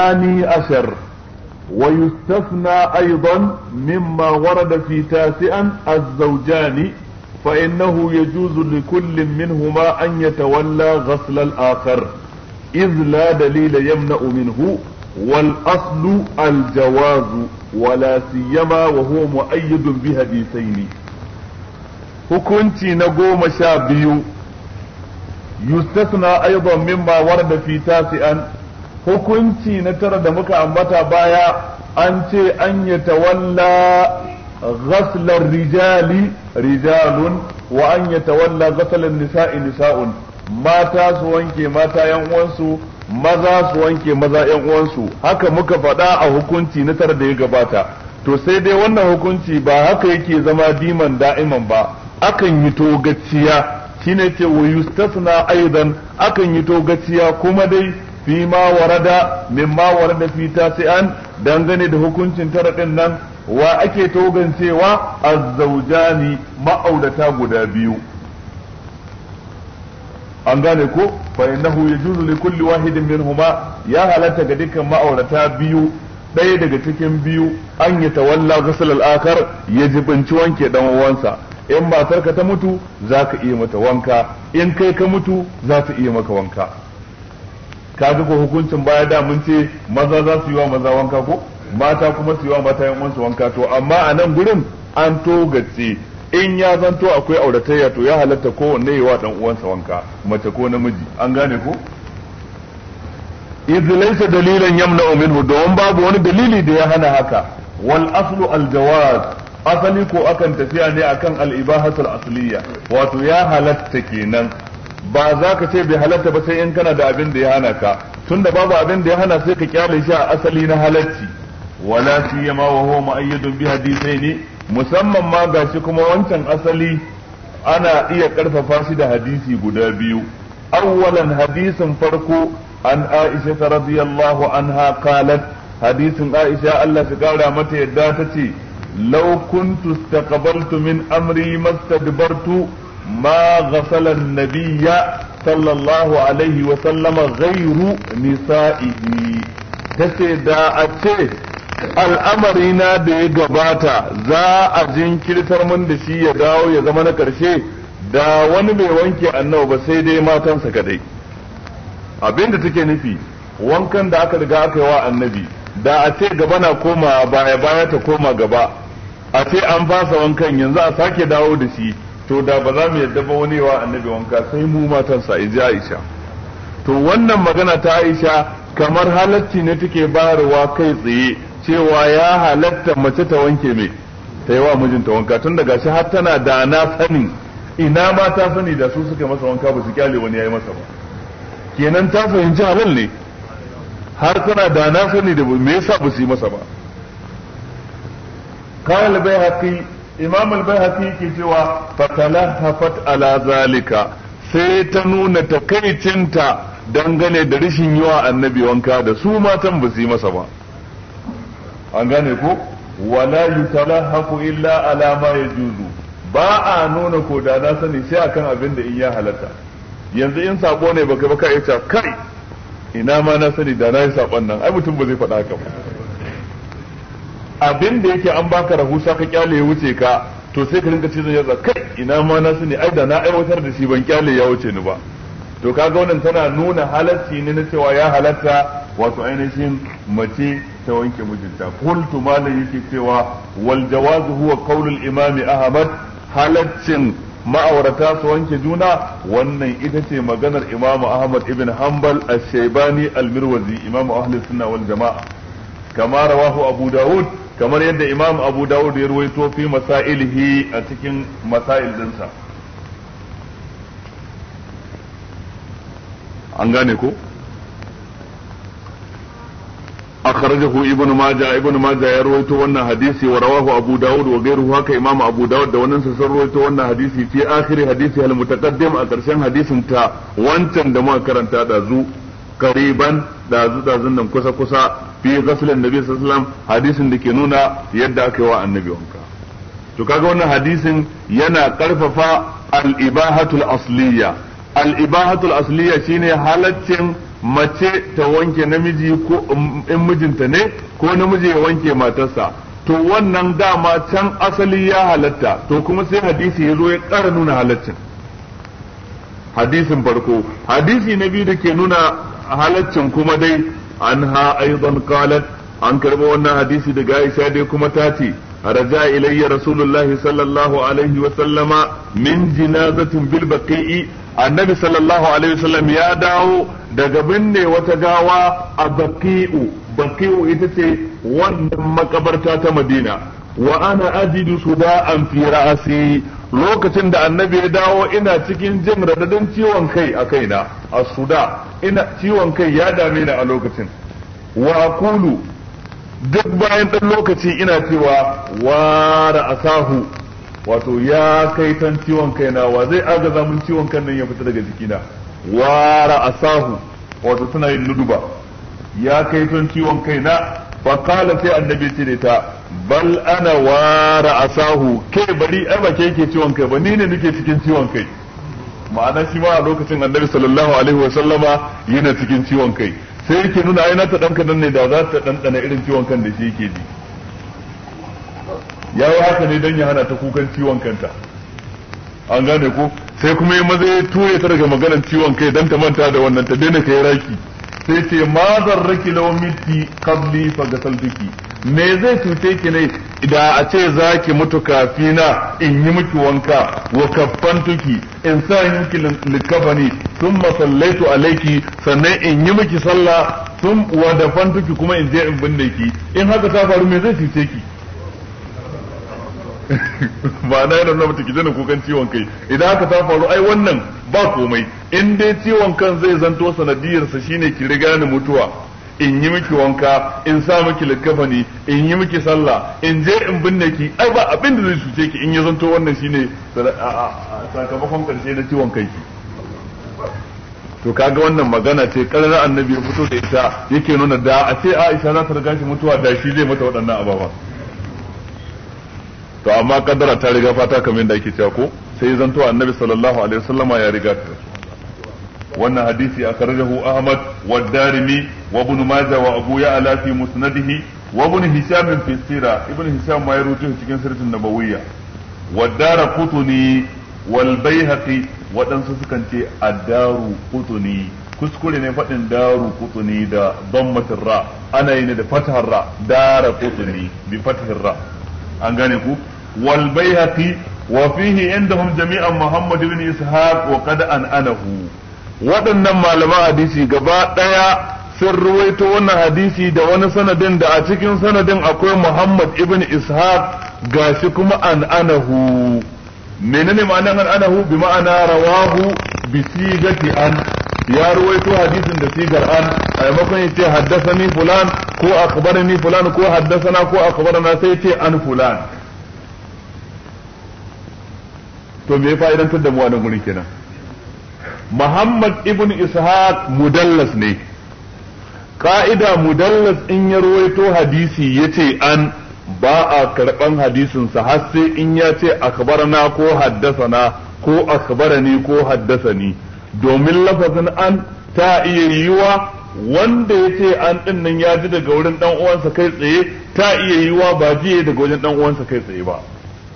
ثاني عشر ويستثنى أيضا مما ورد في تاسعا الزوجان فإنه يجوز لكل منهما أن يتولى غسل الآخر إذ لا دليل يمنع منه والأصل الجواز ولا سيما وهو مؤيد بهديثين hukunci نقوم شابيو يستثنى أيضا مما ورد في تاسئا hukunci na tara da muka ambata baya an ce an yi tawalla ghaslar rijali rijalun wa an yi tawalla ghaslar nisa'i nisa'un mata su wanke mata yan uwansu maza su wanke maza yan uwansu haka muka faɗa a hukunci na tara da ya gabata to sai dai wannan hukunci ba haka yake zama diman da'iman ba akan yi togaciya shine ce wa yustasna aidan akan yi togaciya kuma dai fi ma warada mimma warada fi tasi'an dangane da hukuncin tara nan wa ake togancewa azzaujani ma'aurata guda biyu an gane ko fa innahu yajuzu li kulli wahidin huma ya halatta ga dukkan ma'aurata biyu ɗaya daga cikin biyu an yi tawalla ghusl al-akhar ya jibinci wanke dan uwansa in matarka ta mutu zaka iya mata wanka in kai ka mutu za iya maka wanka kaga ko hukuncin baya da mun ce maza za su yi wa maza wanka ko mata kuma su yi wa mata yan uwansu wanka to amma a nan gurin an to in ya zanto akwai auratayya to ya halatta ko wanne yi wa dan uwansa wanka mace ko namiji an gane ko idh laysa dalilan yamna'u minhu don babu wani dalili da ya hana haka wal aslu al jawaz asali ko akan tafiya ne akan al ibahatul asliya wato ya halatta kenan ba za ka ce bai halatta ba sai in kana da abin da ya hana ka tunda babu abin da ya hana sai ka kyale shi a asali na halacci wala yama wa huwa mu'ayyadun bi ne musamman ma gashi kuma wancan asali ana iya karfafa shi da hadisi guda biyu awwalan hadisin farko an Aisha radiyallahu anha qalat hadisin Aisha Allah shi kara mata yadda tace law kuntu istaqbaltu min amri mastadbartu ما غسل النبي صلى الله عليه وسلم غير نسائه tace da a ce al'amari na da ya gabata za a jinkirtar mun da shi ya dawo ya zama na ƙarshe da wani bai wanke annabi ba sai dai matansa kadai abinda take nufi wankan da aka riga aka yi wa annabi da a ce gaba na koma baya baya ta koma gaba a ce an fasa wankan yanzu a sake dawo da shi to da ba za mu yadda ba wani wa annabi wanka sai mu matansa sa ji Aisha to wannan magana ta Aisha kamar halatti ne take bayarwa kai tsaye cewa ya halatta mace ta wanke mai ta yi wa mijinta wanka tun daga shi har tana da na sani ina ma ta sani da su suka masa wanka ba su kyale wani yayi masa ba kenan ta fahimci halal ne har tana da na sani da me yasa ba su yi masa ba bai haƙi imam al-bayhaqi yake cewa hafat ala zalika sai ta nuna takaicinta dangane da rishin yawa annabi wanka da su matan ba yi masa ba an gane ko wala yutalahafu illa ala ma juzu ba a nuna ko da na sani sai akan abin da in ya halatta yanzu in sabo ne baka baka yace kai ina ma na sani da na yi saban nan ai mutum ba zai faɗa ka ba abin da yake an baka rahusa ka kyale ya wuce ka to sai ka rinka cizon yatsa kai ina ma na sani ai da na aiwatar da shi ban kyale ya wuce ni ba to kaga wannan tana nuna halacci ne na cewa ya halatta wato ainihin mace ta wanke mijinta qultu malam yake cewa wal jawazu huwa qaulul imami ahmad halaccin ma'aurata su wanke juna wannan ita ce maganar imam ahmad ibn hanbal al shaybani al-mirwazi imam ahlus sunna wal jamaa kama rawahu abu daud kamar yadda imam abu dawud ya ruwaito fi masailihi a cikin masail dinsa an gane ko akhrajahu ibnu majah ibnu majah ya rawaito wannan hadisi wa rawahu abu daud wa ghayruhu haka imam abu daud da wannan sun rawaito wannan hadisi fi akhiri hadisi al mutaqaddim a karshen hadisin ta wancan da muka karanta da zu qariban da dazun nan kusa kusa fi ghaslin nabi sallallahu alaihi wasallam hadisin da ke nuna yadda aka yi wa annabi wanka to kaga wannan hadisin yana karfafa al-ibahatul asliya al-ibahatul asliya shine halaccin mace ta wanke namiji ko um, in mijinta ne ko namiji ya wanke matarsa to wannan dama can asali ya halatta to kuma sai hadisi ya zo ya kara nuna halaccin hadisin farko hadisi na biyu da ke nuna halaccin kuma dai an ha aizon kalat an karɓi wannan hadisi daga Aisha dai kuma ta ce raja ilayya rasulullahi sallallahu alaihi wa sallama min jinazatin bil baqi'i annabi sallallahu alaihi wa sallam ya dawo daga binne wata gawa a baqi'u baqi'u ita ce wannan makabarta ta Madina wa ana ajidu suda'an fi ra'asi lokacin da annabi ya dawo ina cikin jin radadin ciwon kai a kaina a suda ina ciwon kai ya dame ni a lokacin wa aqulu duk bayan dan lokaci ina cewa wa asahu wato ya kai tan ciwon kaina wa zai agaza mun ciwon kan nan ya fita daga jikina wa asahu wato suna yin luduba ya kai tan ciwon kaina فقال qala sai annabi ce انا ta اساه كي بري asahu kai bari ai ba بني yake ciwon kai ba ni ne انا cikin ciwon kai ma'ana shi ma a lokacin annabi sallallahu alaihi wa sallama cikin ciwon kai sai yake nuna ai na ta dan ne da za ta dandana irin ciwon kai da shi yake ji ya yi haka ne don an gane ko sai kuma yi maza ya ture ta daga maganar ciwon kai don ta manta da wannan ta daina kai raki sai ce ma zarraki lau miti qabli fa gasaltuki me zai cuce ki ne da a ce zaki mutu kafina in yi miki wanka wa tuki in sa yi likafani thumma sallaitu alayki sannan in yi miki sallah sun wa dafantuki kuma in je in binne ki in haka ta faru me zai cuce ki Ba na yana nuna mata ki jana kukan ciwon kai idan aka ta faru ai wannan ba komai in dai ciwon kan zai zanto sanadiyarsa shine ki riga ni mutuwa in yi miki wanka in sa miki likkafani in yi miki sallah in je in binne ki ai ba abin da zai cuce ki in ya zanto wannan shine sakamakon karshe na ciwon kai ki to kaga wannan magana ce karara annabi ya fito da ita yake nuna da a ce Aisha za ta riga shi mutuwa da shi zai mata waɗannan ababa to amma kaddara ta riga fata kamar da ake cewa ko sai zanto annabi sallallahu alaihi wasallama ya riga ta wannan hadisi akhrajahu ahmad wa darimi wa ibn majah wa abu ya'la fi musnadihi wa ibn hisham fi ibn hisham ma ya cikin sirrin nabawiyya wa daraqutni wal baihaqi waɗansu sukan ce adaru qutni kuskure ne faɗin daru kutuni da dammatin ra ana yi ne da fatahar ra dara kutuni bi fatahar ra an gane ku wal bayhaqi wa fihi indahum jami'an muhammad ibn ishaq wa qad an anahu waɗannan malaman hadisi gaba ɗaya sun ruwaito wannan hadisi da wani sanadin da a cikin sanadin akwai muhammad ibn ishaq gashi kuma an anahu menene ma'anar an anahu bi ma'ana rawahu bi sigati an ya ruwaito hadisin da sigar an a maimakon ya ce haddasani fulan ko ni fulan ko haddasana ko na sai ce an fulan to me ya fa'idantar da mu a nan gurin kenan Muhammad ibn Ishaq mudallas ne ka'ida mudallas in ya ruwaito hadisi yace an ba a karban hadisin sa har sai in ya ce na ko haddasana ko akbarani ko ni. domin lafazin an ta iya yiwa wanda ya ce an din nan ya ji daga wurin dan uwansa kai tsaye ta iya yiwa ba ji daga wajen dan uwansa kai tsaye ba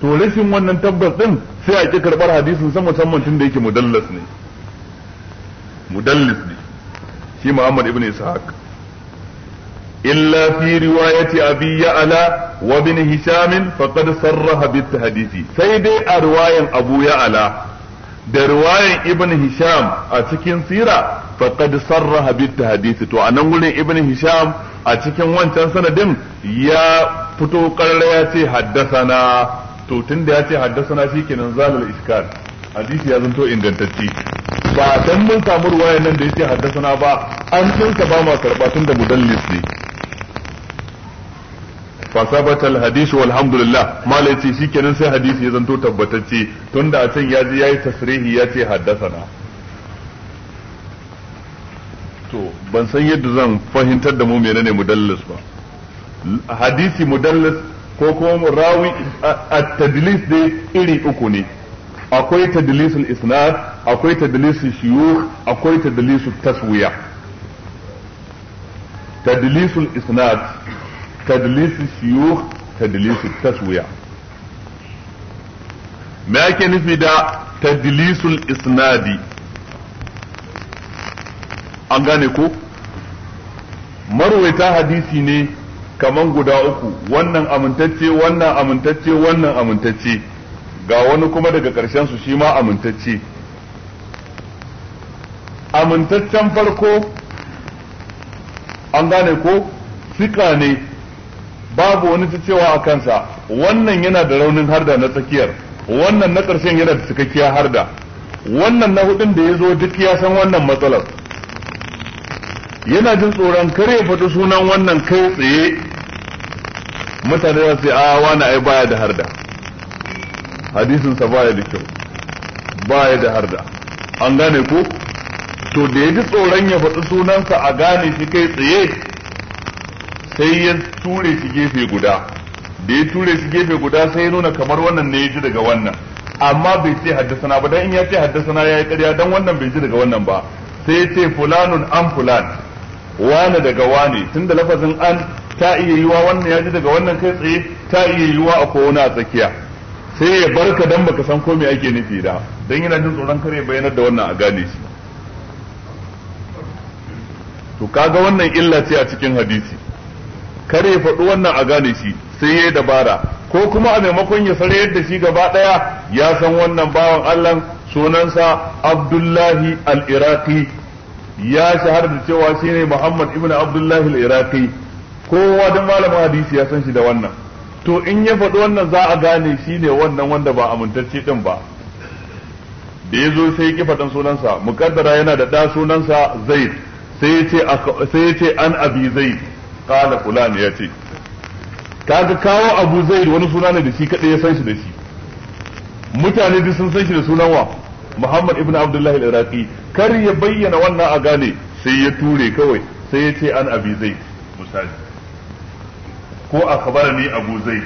to rashin wannan tabbas din sai a ki karbar hadisin san musamman tun da yake mudallas ne mudallis ne shi Muhammad ibn Ishaq illa fi riwayati Abi Ya'la wa ibn Hisham faqad sarraha bit hadisi sai dai a riwayan Abu Ya'la da riwayan Ibn Hisham a cikin sira faqad sarraha bit hadisi to anan gurin Ibn Hisham a cikin wancan sanadin ya fito karra ya ce haddasa na. to tun da ya ce haddasana shi zalal iskar hadisi ya zanto ingantacce ba dan mun samu ruwaya nan da yace haddasana ba an tunka ba ma karba tun da mudallis ne fa sabata al hadisi walhamdulillah malai ce shikenan sai hadisi ya zanto tabbatacce tunda a can ya ji yayi tasrihi ya ce haddasana to ban san yadda zan fahimtar da mu menene mudallis ba hadisi mudallis ko kuma rawi at-tadlis dai iri uku ne akwai tadlisul isnad akwai tadlisul shuyukh akwai tadlisul taswiya tadlisul isnad tadlisul shuyukh tadlisul taswiya me yake nufi da tadlisul isnadi an gane ko marwaita hadisi ne kaman guda uku wannan amintacce wannan amintacce wannan amintacce ga wani kuma daga ƙarshen su shi ma amintacce amintaccen farko an gane ko sika ne babu wani ta cewa a kansa wannan yana da raunin harda na tsakiyar wannan na ƙarshen yana da cikakkiya harda wannan na hudun da ya zo duk ya san wannan matsalar yana jin tsoron kare faɗi sunan wannan kai tsaye mutane za su yi a wani ai baya da harda hadisin sa baya da kyau baya da harda an gane ko to da ya ji tsoron ya faɗi sunansa a gane shi kai tsaye sai ya ture shi gefe guda da ya ture shi gefe guda sai ya nuna kamar wannan ne ya ji daga wannan amma bai ce haddasana ba dan in ya ce haddasana ya yi ƙarya dan wannan bai ji daga wannan ba sai ya ce fulanun an fulan wane daga wane tunda lafazin an ta iya yiwa wannan ya ji daga wannan kai tsaye ta iya yiwa a kowane a tsakiya sai ya barka dan baka san ko me ake nufi da dan yana jin tsoron kare bayanar da wannan a gane shi to kaga wannan illa ce a cikin hadisi kare faɗi wannan a gane shi sai ya dabara ko kuma a maimakon ya sare yadda shi gaba ɗaya ya san wannan bawan Allah sunansa Abdullahi al-Iraqi ya shahara da cewa shine Muhammad ibn Abdullahi al-Iraqi kowa duk malamin hadisi ya san shi da wannan to in ya faɗi wannan za a gane shi ne wannan wanda ba amintacce din ba da ya zo sai ya faɗin sunansa mukaddara yana da ɗa sunansa zai sai ya ce an abi ƙala kala ne ya ce kaga kawo abu zai wani suna ne da shi kaɗai ya san shi da shi mutane duk sun san shi da sunan wa muhammad ibn abdullahi al-iraqi kar ya bayyana wannan a gane sai ya ture kawai sai ya ce an abi zai misali ko akhbarani abu zaid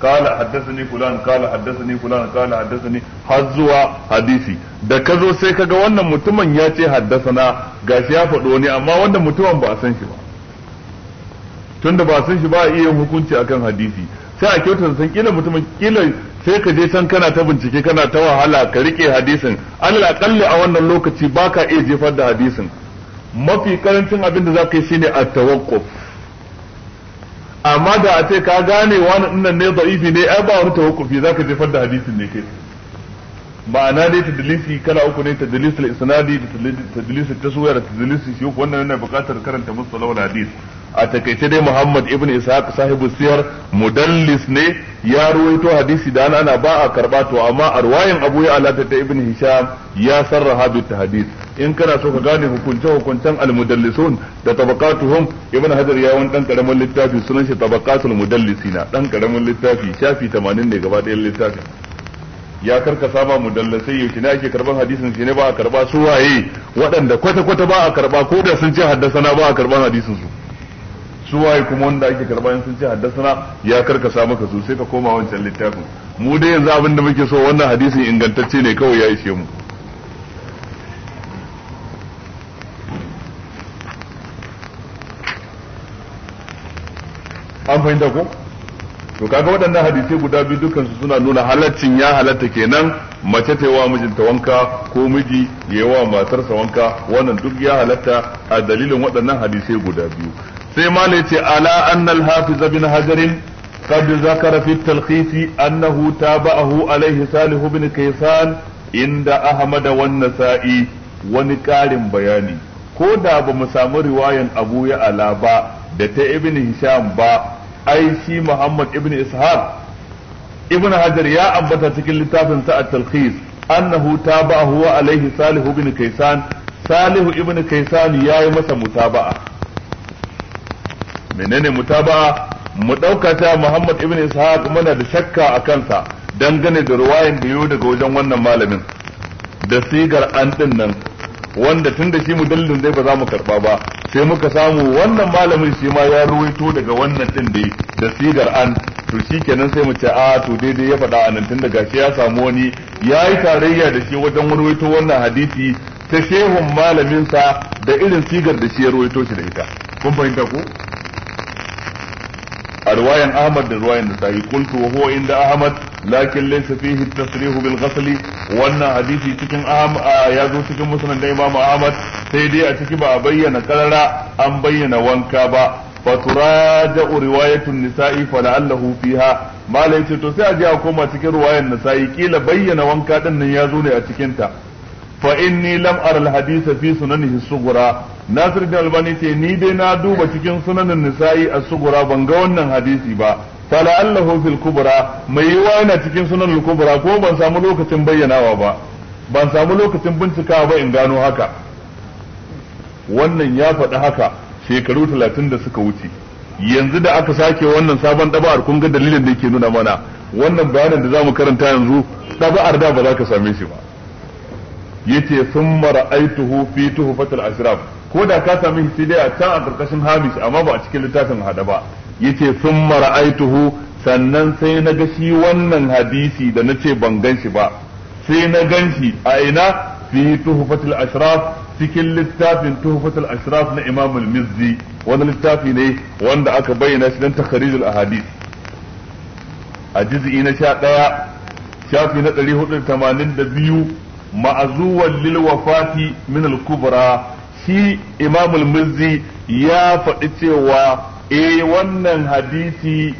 kala haddathani fulan kala haddathani fulan kala haddathani har zuwa hadisi da ka zo sai kaga wannan mutumin ya ce haddasana gashi ya faɗo ne amma wannan mutumin ba a san shi ba tunda ba a san shi ba a iya hukunci akan hadisi sai a kyauta san kila mutumin kila sai ka je can kana ta bincike kana ta wahala ka rike hadisin alal aqalli a wannan lokaci baka iya jefar da hadisin mafi karancin abin da zaka yi shine at-tawaqquf amma da a ce ka gane wani dinnan ne da'ifi ne ai ba wani tawakkufi zaka jefar da hadisin ne kai ma'ana dai tadlisi kala uku ne tadlisul isnadi da tadlisul taswiya da tadlisul shuyukh wannan yana buƙatar karanta mustalahul hadis a takaice dai Muhammad ibn Ishaq sahibu siyar mudallis ne ya ruwaito hadisi da ana ba a karba to amma a Abu Ya'la ta ibn Hisham ya sarraha bi tahdid in kana so ka gane hukunce hukuncen al-mudallisun da tabaqatuhum ibn Hajar ya wani dan karamin littafi sunan shi tabaqatul mudallisina dan karamin littafi shafi 80 ne gaba ɗayan littafin ya karkasa ba mudallasai yaushe ne ake karban hadisin shi ne ba a karba su waye waɗanda kwata kwata ba a karba ko da sun ce haddasana ba a karban hadisin su su waye kuma wanda ake karba in sun ce haddasana ya karkasa maka su sai ka koma wancan littafin mu dai yanzu abin da muke so wannan hadisin ingantacce ne kawai ya ishe mu an fahimta ko to kaga waɗannan hadisai guda biyu dukansu suna nuna halaccin ya halatta kenan mace ta wa mijinta wanka ko miji ya wa matarsa wanka wannan duk ya halatta a dalilin waɗannan hadisai guda biyu sai mala yace ala annal hafiz bin hajarin قد ذكر في التلخيص أنه تابعه عليه صالح inda كيسان عند sai wani karin bayani ko da ba mu samu riwayan abu ya ala ba da ta ibn hisham ba ai shi Muhammad ibn Ishaq ibn Hajar ya ambata cikin littafin sa at talqis annahu tabahu wa alaihi Salih ibn Kaysan Salih ibn Kaysan yayi masa mutaba'a menene mutaba'a mu ɗaukata Muhammad ibn Ishaq muna da shakka a kansa dangane da ruwayan da yau daga wajen wannan malamin da sigar an ɗin nan wanda tun da shi mu zai ba za mu karba ba sai muka samu wannan malamin shi ma ya ruwaito daga wannan din dai da sigar an to shikenan sai mu ce a to daidai ya faɗa anan tun daga shi ya samu wani ya yi tarayya da shi wajen ruwaito wannan hadisi ta shehun malamin sa da irin sigar da shi ya ruwaito shi da ita kun fahimta ku a riwayan Ahmad da riwayan Nasa'i qultu in da Ahmad lakin laysa fihi at-tasrih bil ghasl wannan hadisi cikin Ahmad zo cikin musnad da Ahmad sai dai a ciki ba a bayyana kalara an bayyana wanka ba فتراجع رواية النساء فلعله فيها ما ليس to sai a je a koma cikin ruwayar nisa'i kila bayyana wanka din nan ya zo ne a cikinta ta fa inni lam ara al hadith fi Nasir Nasiruddin Albani ce ni dai na duba cikin sunanin Nisa'i as-Sughra ban ga wannan hadisi ba fala allahu fil kubra mai yiwa yana cikin sunan kubra ko ban samu lokacin bayyanawa ba ban samu lokacin bincikawa ba in gano haka wannan ya faɗi haka shekaru talatin da suka wuce yanzu da aka sake wannan sabon ɗab'ar kun ga dalilin da yake nuna mana wannan bayanin da za mu karanta yanzu ɗab'ar da ba za ka same shi ba yace sun mara aituhu fi fatal ashraf ko da ka sami shi dai a can a karkashin hamish amma ba a cikin littafin hada ba yace summa ra'aituhu sannan sai na ga shi wannan hadisi da na ce ban gan shi ba sai na gan shi a ina fi tuhfatul ashraf cikin littafin tuhfatul ashraf na imam al-mizzi wani littafi ne wanda aka bayyana shi dan takharijul ahadith a juz'i na 11 shafi na 482 ma'azuwan lil wafati min al-kubra shi imamul mizzi ya faɗi cewa e wannan hadisi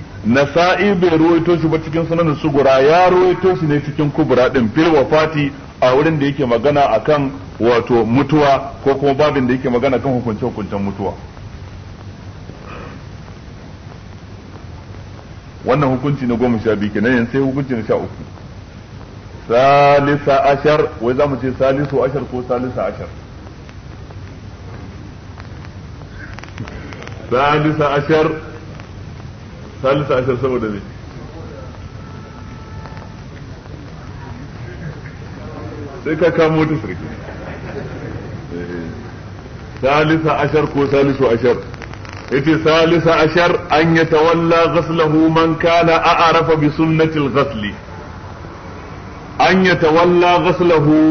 sa'i bai ruwaito shi ba cikin sunanin sugura ya ruwaito shi ne cikin kubura din fil wafati a wurin da yake magana akan wato mutuwa ko kuma babin da yake magana kan hukunce hukuncen mutuwa wannan hukunci na goma sha biyu kenan yanzu sai hukunci na sha uku salisa ashar wai za mu ce salisu ashar ko salisa ashar salisa ashar salisa ashar saboda ne sai salisa ashar ko salisu ashar yace salisa ashar an yatawalla ghaslahu man kana a'rafa bi sunnatil ghasli an yatawalla ghaslahu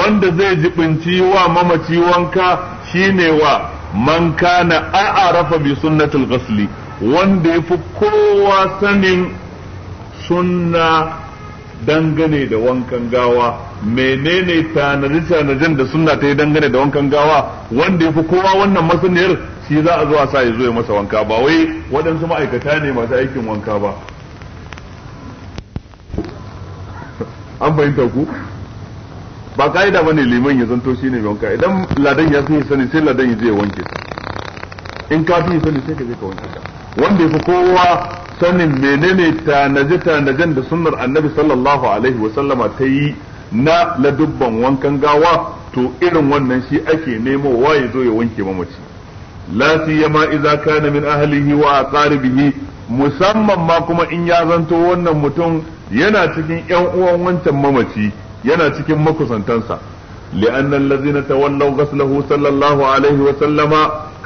wanda zai jibinci wa mamaci wanka shine wa man kana arafa bi sunnatul ghasli wanda yafi kowa sanin sunna dangane da wankan gawa menene na tanadin da sunna ta yi dangane da wankan gawa wanda yafi kowa wannan masaniyar shi za a zo a sa ya zo ya masa wanka ba wai waɗansu ma'aikata ne masu aikin wanka ba an fahimta ku ba ka'ida bane liman ya zanto ne mai wanka idan ladan ya fi sani sai ladan ya je ya wanke su in ka fi sani sai ka je ka wanke ka wanda fi kowa sanin menene tanaje tanajen da sunnar annabi sallallahu alaihi wa sallama ta yi na ladubban wankan gawa to irin wannan shi ake nemo wa ya zo ya wanke mamaci la siyama idza kana min ahlihi wa aqaribihi musamman ma kuma in ya zanto wannan mutum yana cikin yan uwan wancan mamaci yana cikin makusantansa لأن الذين تولوا غسله صلى الله عليه وسلم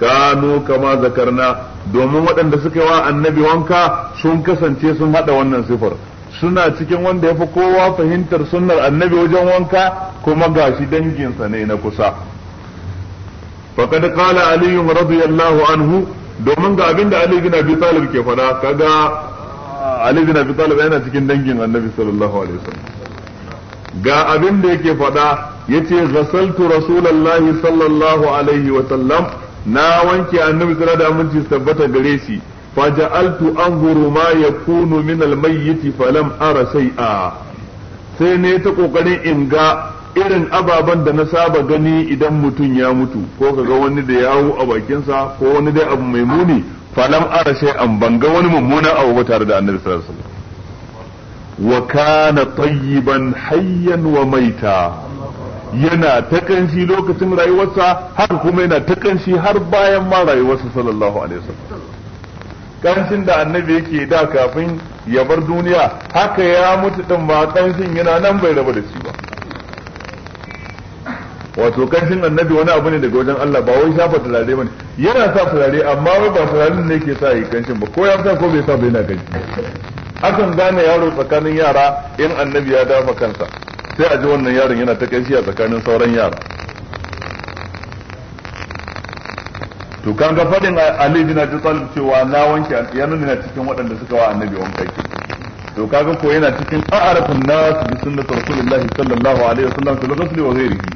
كانوا كما ذكرنا domin waɗanda suka wa annabi wanka sun kasance sun haɗa wannan sifar suna cikin wanda ya fi kowa fahimtar sunnar annabi wajen wanka kuma gashi danginsa ne na kusa faqad qala ali radiyallahu anhu domin ga abinda ali bin abi talib ke faɗa kaga ali bin abi talib yana cikin dangin annabi sallallahu alaihi wasallam ga abin da yake faɗa yace ghasaltu rasulullahi sallallahu alaihi wa sallam na wanke annabi tsira da aminci tabbata gare shi ja'altu anzuru ma yakunu min almayyit lam ara shay'a sai ne ta kokarin in ga irin ababen da na saba gani idan mutum ya mutu ko kaga wani da yawo a bakin sa ko wani dai abu mai muni lam ara shay'an ban ga wani mummuna abu ba tare da annabi sallallahu alaihi sallam Wakana kana tayyiban hayyan wa maita yana ta kanshi lokacin rayuwarsa haka kuma yana ta kanshi har bayan ma rayuwarsa sallallahu alaihi wasallam kanshin da annabi yake da kafin ya bar duniya haka ya mutu din ba kanshin yana nan bai raba da shi ba wato kanshin annabi wani abu ne daga wajen Allah ba wai shafa turare bane yana sa turare amma wai ba turaren ne yake sa yi kanshin ba ko ya sa ko bai sa bai na kanshi akan gane yaro tsakanin yara in annabi ya dafa kansa sai a ji wannan yaron yana ta kai shi a tsakanin sauran yara to kan ga fadin Ali bin Abi Talib cewa na wanke ya nuna cikin waɗanda suka wa annabi wanka ke to kaga ko yana cikin a'arafun nas bi sunnati rasulillahi sallallahu alaihi wasallam fil ghusl wa ghairihi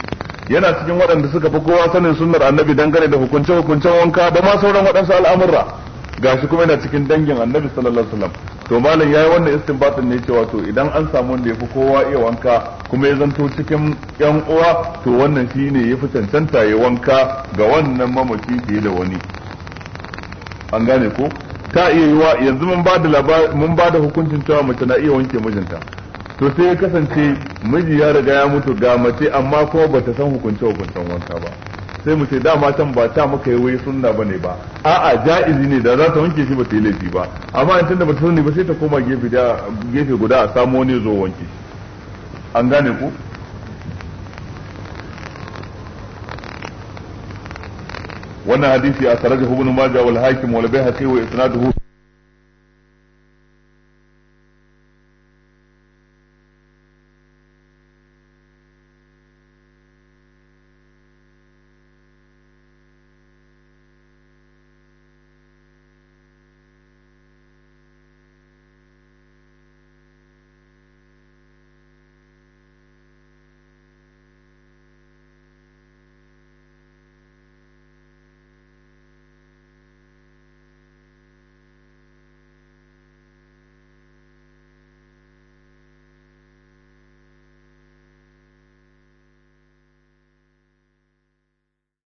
yana cikin waɗanda suka fi kowa sanin sunnar annabi dangane da hukunce hukuncen wanka da ma sauran waɗansu al'amurra gashi kuma yana cikin dangin annabi sallallahu alaihi wasallam to malam yayi wannan istinbatin ne cewa to idan an samu wanda yafi kowa iya wanka kuma ya zanto cikin yan uwa to wannan shine yafi cancanta ya wanka ga wannan mamaci fiye da wani an gane ko ta iya yiwa yanzu mun ba da mun ba hukuncin cewa mace na iya wanke mijinta to sai ya kasance miji ya riga ya mutu ga mace amma kuma bata san hukunce hukuncin wanka ba sai mu ce dama can ba ta muka yi wai sunna ne ba a'a ja'izi ne da za ta wanke shi ba ta yi laifi ba amma in tunda ba ta sani ba sai ta koma gefe guda a samu wani zo wanke an gane ku wannan hadisi a da ibn majah wal hakim wal bayhaqi wa isnaduhu